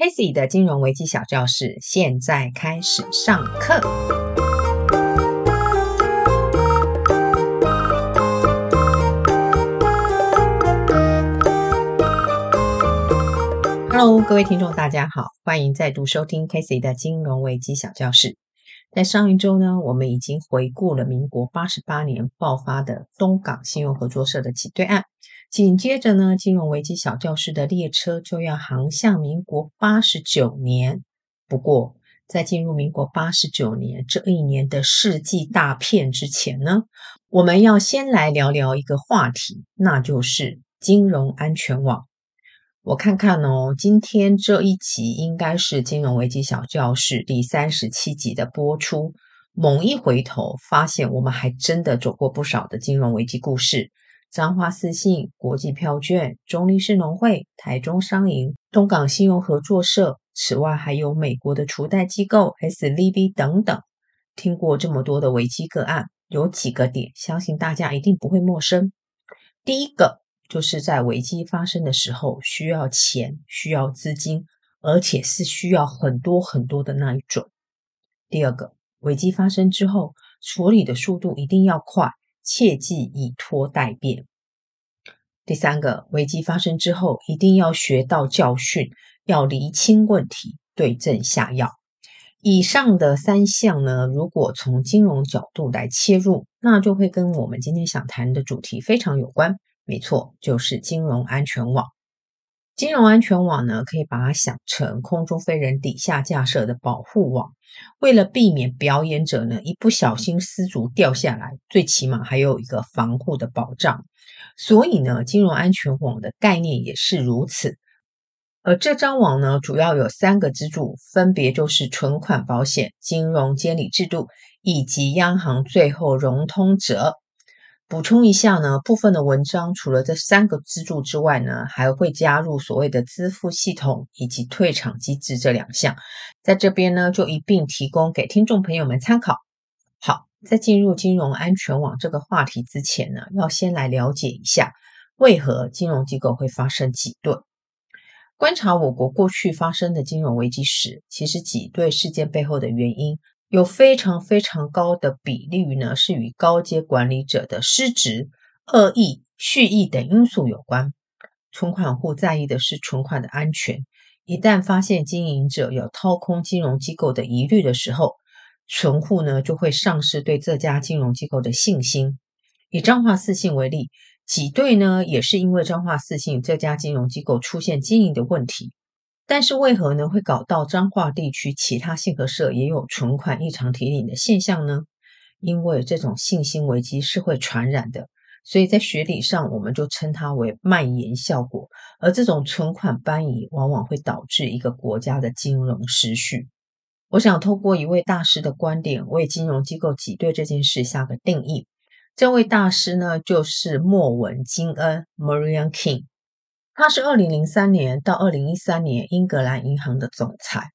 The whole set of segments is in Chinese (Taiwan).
KC 的金融危機小教室現在開始上課哈嘍。Hello，各位聽眾，大家好，歡迎再度收聽 KC 的金融危機小教室。在上一周呢，我們已經回顧了民國八十八年爆發的東港信用合作社的擠兌案。緊接着呢，金融危機小教室的列車就要航向民國八十九年。不過，在進入民國八十九年這一年的世紀大片之前呢，我們要先來聊聊一個話題，那就是金融安全網。我看看哦，今天這一集應該是金融危機小教室第三十七集的播出。猛一回頭，發現我們還真的走過不少的金融危機故事。彰化四信、國際票券、中壢市農會、台中商銀、東港信用合作社，此外還有美國的儲貸機構 SVB 等等。聽過這麼多的危機個案，有幾個點相信大家一定不會陌生。第一個就是在危機發生的時候，需要錢，需要資金，而且是需要很多很多的那一種。第二個，危機發生之後，處理的速度一定要快。切忌以拖待變。第三個，危機發生之後，一定要學到教訓，要釐清問題，對症下藥。以上的三項呢，如果從金融角度來切入，那就會跟我們今天想談的主題非常有關。沒錯，就是金融安全網。金融安全網呢，可以把它想成空中飛人底下架設的保護網，為了避免表演者呢一不小心失足掉下來，最起碼還有一個防護的保障。所以呢，金融安全網的概念也是如此。而這張網呢主要有三個支柱，分別就是存款保險、金融監理制度以及央行最後融通者。補充一下呢，部分的文章除了這三個支柱之外呢，還會加入所謂的支付系統以及退場機制這兩項，在這邊呢就一併提供給聽眾朋友們參考。好，在進入金融安全網這個話題之前呢，要先來了解一下為何金融機構會發生擠兌。觀察我國過去發生的金融危機時，其實擠兌事件背後的原因，有非常非常高的比例呢，是與高階管理者的失職、惡意、蓄意等因素有關。存款戶在意的是存款的安全，一旦發現經營者有掏空金融機構的疑慮的時候，存戶呢就會喪失對這家金融機構的信心。以彰化四信為例，擠兌呢也是因為彰化四信這家金融機構出現經營的問題。但是為何呢？會搞到彰化地區其他信合社也有存款異常提領的現象呢？因為這種信心危機是會傳染的，所以在學理上我們就稱它為蔓延效果。而這種存款搬移，往往會導致一個國家的金融失序。我想透過一位大師的觀點，為金融機構擠兌這件事下個定義。這位大師呢，就是莫文金恩 （Mervyn King）。他是二零零三年到二零一三年英格蘭銀行的總裁。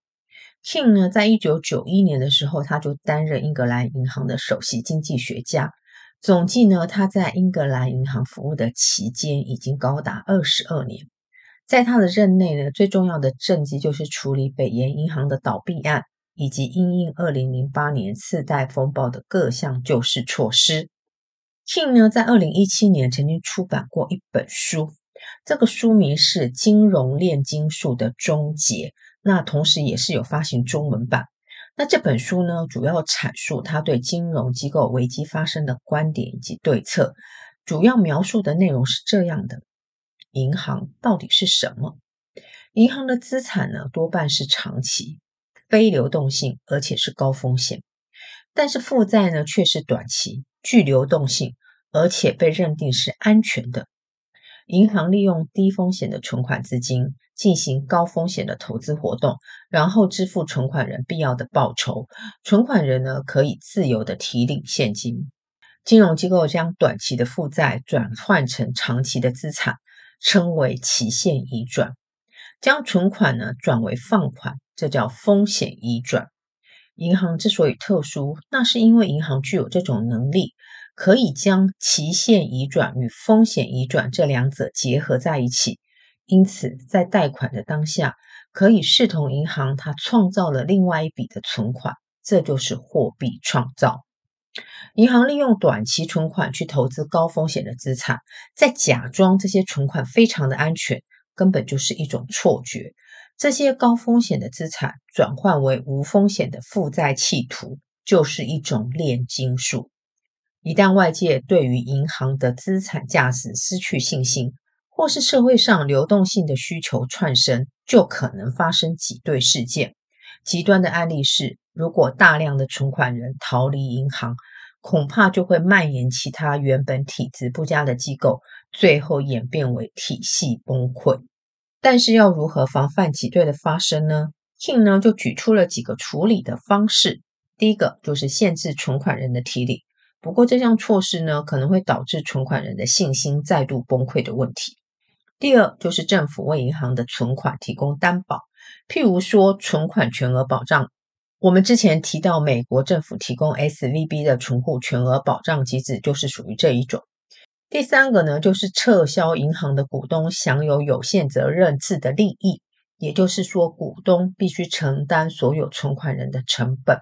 King 呢，在一九九一年的時候，他就擔任英格蘭銀行的首席經濟學家。總計呢，他在英格蘭銀行服務的期間已經高達二十二年。在他的任內呢，最重要的政績就是處理北岩銀行的倒閉案，以及因應二零零八年次貸風暴的各項救市措施。King 呢，在二零一七年曾經出版過一本書。這個書名是《金融煉金術的終結》，那同時也是有發行中文版。那這本書呢，主要闡述他對金融機構危機發生的觀點以及對策。主要描述的內容是這樣的：銀行到底是什麼？銀行的資產呢，多半是長期、非流動性，而且是高風險；但是負債呢，卻是短期、具流動性，而且被認定是安全的。銀行利用低風險的存款資金進行高風險的投資活動，然後支付存款人必要的報酬。存款人呢，可以自由的提領現金。金融機構將短期的負債轉換成長期的資產，稱為期限移轉。將存款呢轉為放款，這叫風險移轉。銀行之所以特殊，那是因為銀行具有這種能力，可以將期限移轉與風險移轉這兩者結合在一起，因此在貸款的當下，可以視同銀行它創造了另外一筆的存款，這就是貨幣創造。銀行利用短期存款去投資高風險的資產，再假裝這些存款非常的安全，根本就是一種錯覺。這些高風險的資產轉換為無風險的負債企圖，就是一種煉金術。一旦外界對於銀行的資產價值失去信心，或是社會上流動性的需求竄升，就可能發生擠兌事件。極端的案例是，如果大量的存款人逃離銀行，恐怕就會蔓延其他原本體質不佳的機構，最後演變為體系崩潰。但是要如何防範擠兌的發生呢？King 呢就舉出了幾個處理的方式。第一個就是限制存款人的提領。不過這項措施呢，可能會導致存款人的信心再度崩潰的問題。第二就是政府為銀行的存款提供擔保，譬如說存款全額保障。我們之前提到美國政府提供 SVB 的存戶全額保障機制，就是屬於這一種。第三個呢，就是撤銷銀行的股東享有有限責任制的利益，也就是說股東必須承擔所有存款人的成本。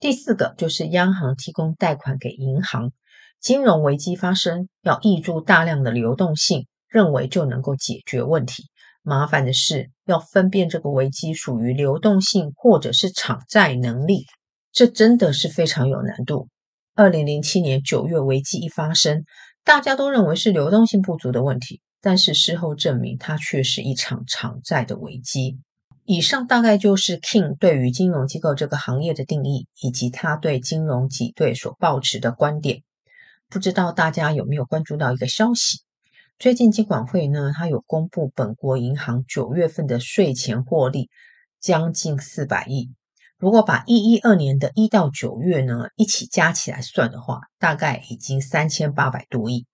第四個就是央行提供貸款給銀行，金融危機發生要挹注大量的流動性，認為就能夠解決問題。麻煩的是要分辨這個危機屬於流動性或者是償債能力，這真的是非常有難度。二零零七年九月危機一發生，大家都認為是流動性不足的問題，但是事後證明它卻是一場償債的危機。以上大概就是 King 對於金融機構這個行業的定義，以及他對金融擠兌所抱持的觀點。不知道大家有沒有關注到一個消息？最近金管會呢，他有公布本國銀行九月份的稅前獲利將近四百億。如果把一一二年的一到九月呢一起加起來算的話，大概已經三千八百多億，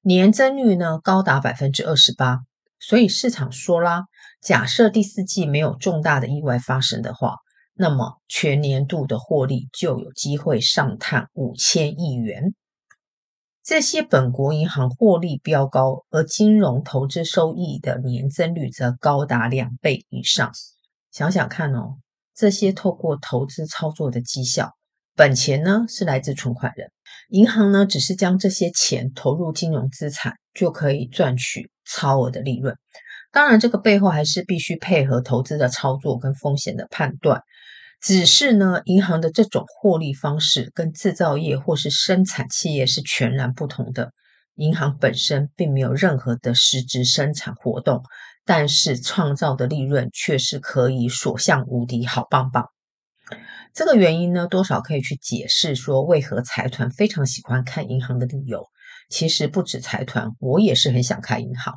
年增率呢高達百分之二十八。所以市場說啦。假設第四季沒有重大的意外發生的話，那麼全年度的獲利就有機會上探五千億元。這些本國銀行獲利飆高，而金融投資收益的年增率則高達兩倍以上。想想看哦，這些透過投資操作的績效，本錢呢是來自存款人，銀行呢只是將這些錢投入金融資產，就可以賺取超額的利潤。當然，這個背後還是必須配合投資的操作跟風險的判斷。只是呢，銀行的這種獲利方式跟製造業或是生產企業是全然不同的。銀行本身並沒有任何的實質生產活動，但是創造的利潤卻是可以所向無敵，好棒棒。這個原因呢，多少可以去解釋說為何財團非常喜歡看銀行的理由。其實不止財團，我也是很想開銀行。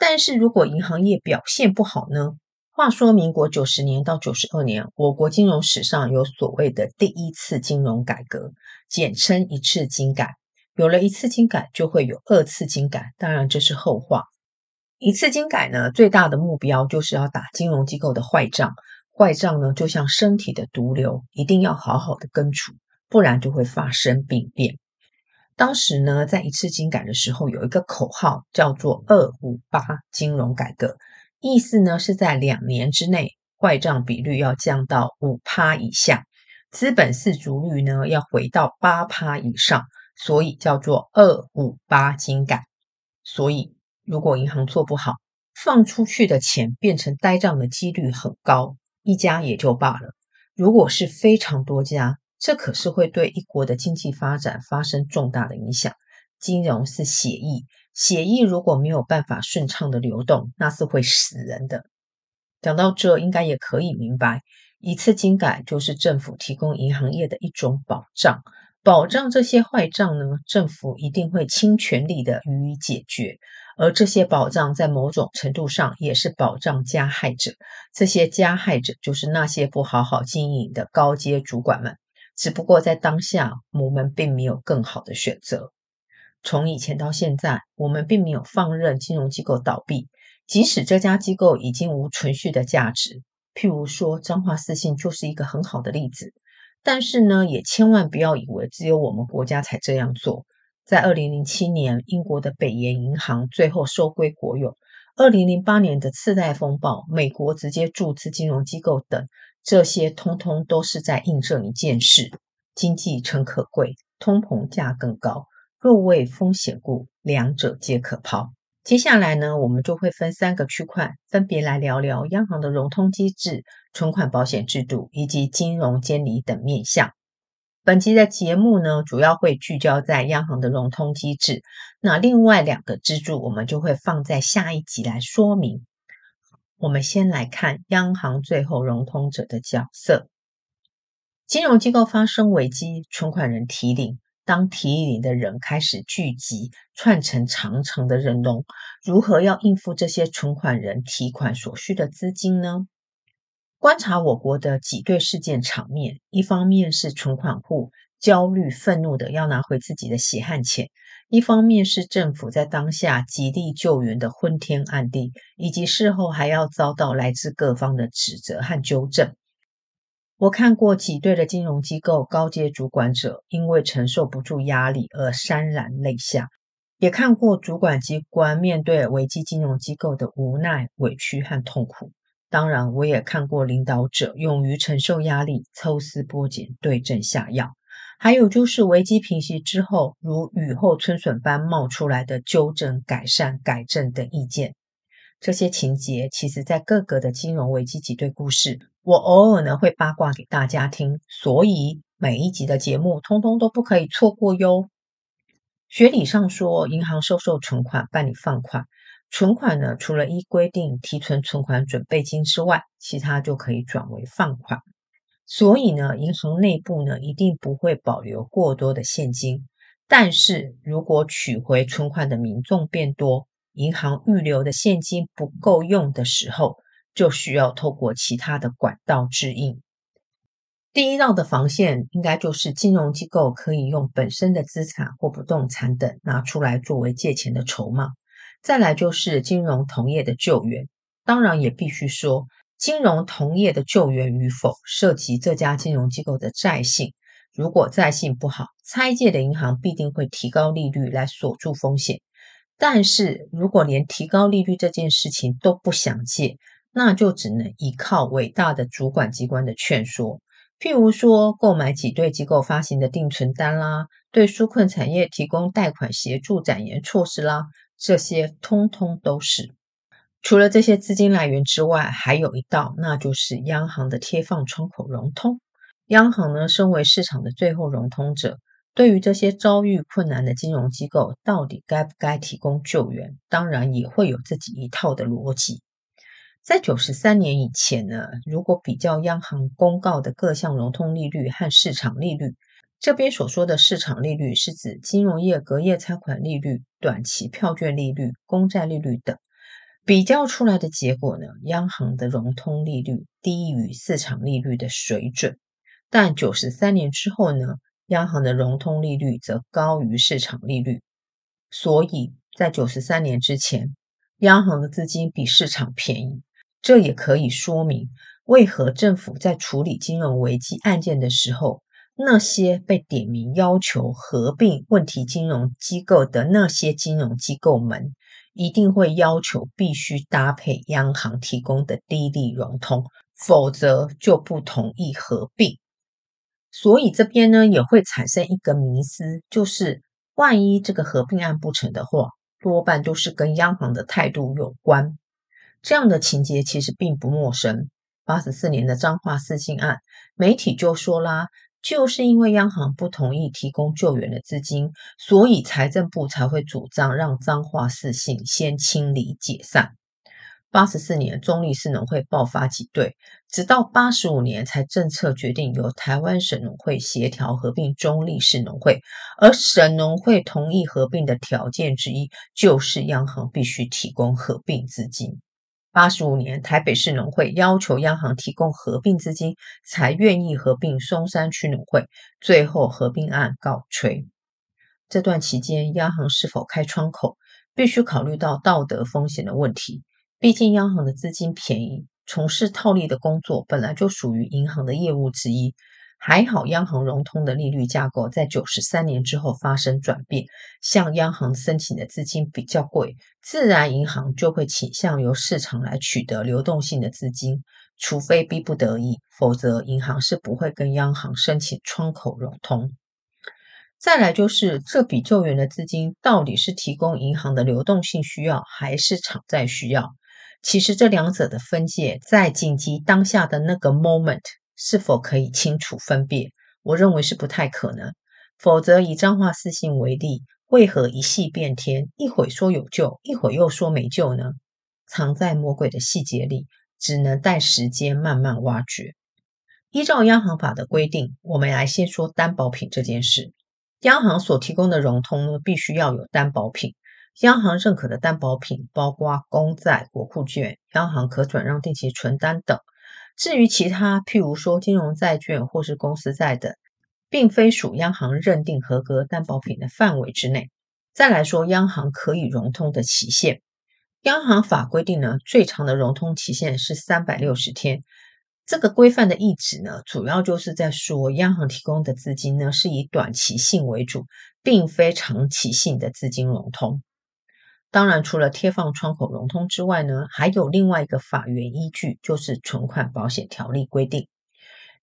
但是如果銀行業表現不好呢？話說民國九十年到九十二年，我國金融史上有所謂的第一次金融改革，簡稱一次金改。有了一次金改，就會有二次金改，當然這是後話。一次金改呢，最大的目標就是要打金融機構的壞賬，壞賬呢，就像身體的毒瘤，一定要好好的根除，不然就會發生病變。當時呢，在一次金改的時候，有一個口號叫做“二五八金融改革”，意思呢是在兩年之內壞賬比率要降到五趴以下，資本適足率呢要回到八趴以上，所以叫做“二五八金改”。所以，如果銀行做不好，放出去的錢變成呆賬的幾率很高，一家也就罷了；如果是非常多家，這可是會對一國的經濟發展發生重大的影響。金融是血液，血液如果沒有辦法順暢的流動，那是會死人的。講到這，應該也可以明白，一次金改就是政府提供銀行業的一種保障。保障這些壞賬呢，政府一定會傾全力的予以解決。而這些保障在某種程度上也是保障加害者。這些加害者就是那些不好好經營的高階主管們。只不過在當下，我們並沒有更好的選擇。從以前到現在，我們並沒有放任金融機構倒閉，即使這家機構已經無存續的價值。譬如說，彰化四信就是一個很好的例子。但是呢，也千萬不要以為只有我們國家才這樣做。在二零零七年，英國的北岩銀行最後收歸國有；二零零八年的次貸風暴，美國直接注資金融機構等。這些通通都是在印證一件事：經濟誠可貴，通膨價更高。若為風險故，兩者皆可拋。接下來呢，我們就會分三個區塊，分別來聊聊央行的融通機制、存款保險制度以及金融監理等面向。本期的節目呢，主要會聚焦在央行的融通機制，那另外兩個支柱，我們就會放在下一集來說明。我們先來看央行最後融通者的角色。金融機構發生危機，存款人提領，當提領的人開始聚集，串成長長的人龍，如何要應付這些存款人提款所需的資金呢？觀察我國的擠兌事件場面，一方面是存款戶焦慮憤怒的要拿回自己的血汗錢。一方面是政府在當下極力救援的昏天暗地，以及事後還要遭到來自各方的指責和糾正。我看過擠兌的金融機構高階主管者因為承受不住壓力而潸然淚下，也看過主管機關面對危機金融機構的無奈、委屈和痛苦。當然，我也看過領導者勇於承受壓力、抽絲剝繭、對症下藥。還有就是危機平息之後，如雨後春筍般冒出來的糾正、改善、改正等意見。這些情節其實，在各個的金融危機擠兌故事，我偶爾呢會八卦給大家聽，所以每一集的節目通通都不可以錯過喲。學理上說，銀行收受存款辦理放款，存款呢除了依規定提存存款準備金之外，其他就可以轉為放款。所以呢，銀行內部呢一定不會保留過多的現金，但是如果取回存款的民眾變多，銀行預留的現金不夠用的時候，就需要透過其他的管道支應。第一道的防線應該就是金融機構可以用本身的資產或不動產等拿出來作為借錢的籌碼，再來就是金融同業的救援，當然也必須說。金融同業的救援與否，涉及這家金融機構的債信。如果債信不好，拆借的銀行必定會提高利率來鎖住風險。但是如果連提高利率這件事情都不想借，那就只能依靠偉大的主管機關的勸說，譬如說購買擠兌機構發行的定存單啦，對紓困產業提供貸款協助展延措施啦，這些通通都是。除了這些資金來源之外，還有一道，那就是央行的貼放窗口融通。央行呢，身為市場的最後融通者，對於這些遭遇困難的金融機構，到底該不該提供救援，當然也會有自己一套的邏輯。在九十三年以前呢，如果比較央行公告的各項融通利率和市場利率，這邊所說的市場利率是指金融業隔夜拆款利率、短期票券利率、公債利率等。比較出來的結果呢，央行的融通利率低於市場利率的水準，但九十三年之後呢，央行的融通利率則高於市場利率。所以在九十三年之前，央行的資金比市場便宜。這也可以說明為何政府在處理金融危機案件的時候，那些被點名要求合併問題金融機構的那些金融機構們。一定會要求必須搭配央行提供的低利融通，否則就不同意合併。所以這邊呢，也會產生一個迷思，就是萬一這個合併案不成的話，多半都是跟央行的態度有關。這樣的情節其實並不陌生。八十四年的彰化四信案，媒體就說啦。就是因為央行不同意提供救援的資金，所以財政部才會主張讓彰化四信先清理解散。八十四年中壢市農會爆發擠兌，直到八十五年才政策決定由台灣省農會協調合併中壢市農會，而省農會同意合併的條件之一，就是央行必須提供合併資金。八十五年，台北市農會要求央行提供合併資金，才願意合併松山區農會。最後，合併案告吹。這段期間，央行是否開窗口，必須考慮到道德風險的問題。畢竟，央行的資金便宜，從事套利的工作本來就屬於銀行的業務之一。還好，央行融通的利率架構在九十三年之後發生轉變，向央行申請的資金比較貴，自然銀行就會傾向由市場來取得流動性的資金，除非逼不得已，否則銀行是不會跟央行申請窗口融通。再來就是這筆救援的資金到底是提供銀行的流動性需要，還是償債需要？其實這兩者的分界在緊急當下的那個 moment。是否可以清楚分辨，我認為是不太可能。否則，以彰化四信為例，為何一系變天，一會說有救，一會又說沒救呢？藏在魔鬼的細節裡，只能待時間慢慢挖掘。依照央行法的規定，我們來先說擔保品這件事。央行所提供的融通呢，必須要有擔保品。央行認可的擔保品包括公債、國庫券、央行可轉讓定期存單等。至於其他，譬如說金融債券或是公司債等，並非屬央行認定合格擔保品的範圍之內。再來說，央行可以融通的期限，央行法規定呢，最長的融通期限是三百六十天。這個規範的意旨呢，主要就是在說，央行提供的資金呢，是以短期性為主，並非長期性的資金融通。當然，除了貼放窗口融通之外呢，還有另外一個法源依據，就是存款保險條例規定。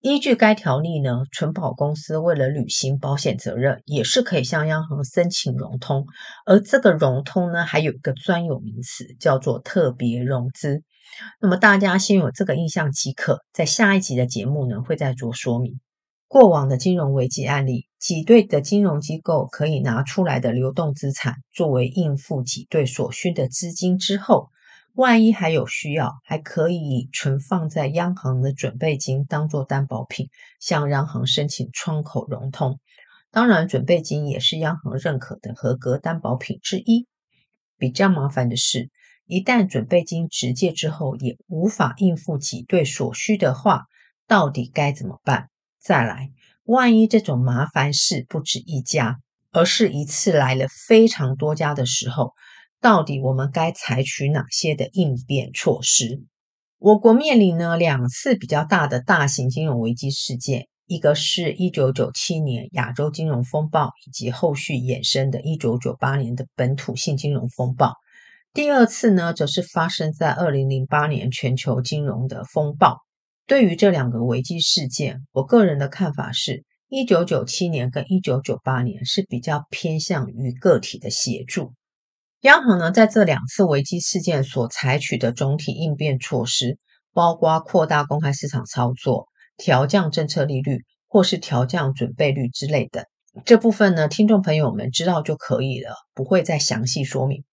依據該條例呢，存保公司為了履行保險責任，也是可以向央行申請融通。而這個融通呢，還有一個專有名詞，叫做特別融資。那麼大家先有這個印象即可，在下一集的節目呢，會再做說明。過往的金融危機案例，擠兌的金融機構可以拿出來的流動資產作為應付擠兌所需的資金之後，萬一還有需要，還可以以存放在央行的準備金當做擔保品，向央行申請窗口融通。當然，準備金也是央行認可的合格擔保品之一。比較麻煩的是，一旦準備金質借之後也無法應付擠兌所需的話，到底該怎麼辦？再來，萬一這種麻煩事，不止一家，而是一次來了非常多家的時候，到底我們該採取哪些的應變措施？我國面臨呢兩次比較大的大型金融危機事件，一個是一九九七年亞洲金融風暴以及後續衍生的一九九八年的本土性金融風暴，第二次呢，則是發生在二零零八年全球金融的風暴。對於這兩個危機事件，我個人的看法是，一九九七年跟一九九八年是比較偏向於個體的協助。央行呢，在這兩次危機事件所採取的總體應變措施，包括擴大公開市場操作、調降政策利率，或是調降準備率之類的。這部分呢，聽眾朋友們知道就可以了，不會再詳細說明。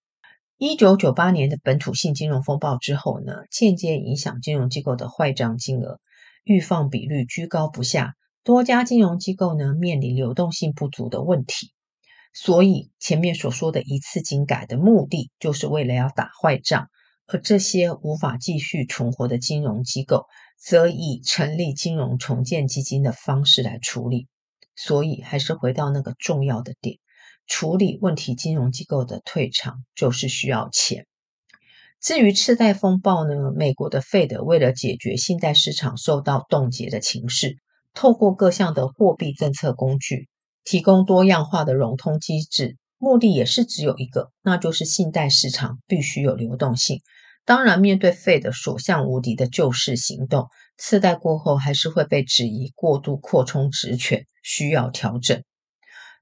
一九九八年的本土性金融風暴之後呢，間接影響金融機構的壞賬金額，逾放比率居高不下，多家金融機構呢，面臨流動性不足的問題。所以前面所說的一次金改的目的，就是為了要打壞賬，而這些無法繼續存活的金融機構，則以成立金融重建基金的方式來處理。所以還是回到那個重要的點。處理問題金融機構的退場就是需要錢。至於次貸風暴呢，美國的 Fed 為了解決信貸市場受到凍結的情勢，透過各項的貨幣政策工具，提供多樣化的融通機制，目的也是只有一個，那就是信貸市場必須有流動性。當然，面對 Fed 所向無敵的救市行動，次貸過後還是會被質疑過度擴充職權，需要調整。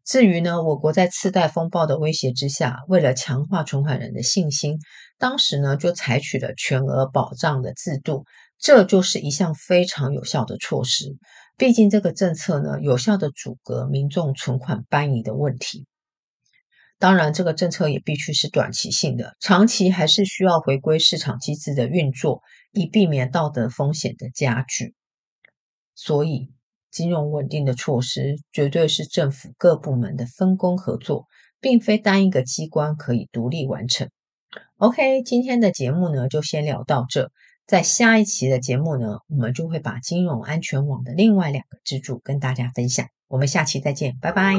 至於呢，我國在次貸風暴的威脅之下，為了強化存款人的信心，當時呢就採取了全額保障的制度，這就是一項非常有效的措施。畢竟這個政策呢，有效地阻隔民眾存款搬移的問題。當然，這個政策也必須是短期性的，長期還是需要回歸市場機制的運作，以避免道德風險的加劇。所以，金融穩定的措施，絕對是政府各部門的分工合作，並非單一個機關可以獨立完成。OK，今天的節目呢，就先聊到這。在下一期的節目呢，我們就會把金融安全網的另外兩個支柱跟大家分享。我們下期再見，拜拜。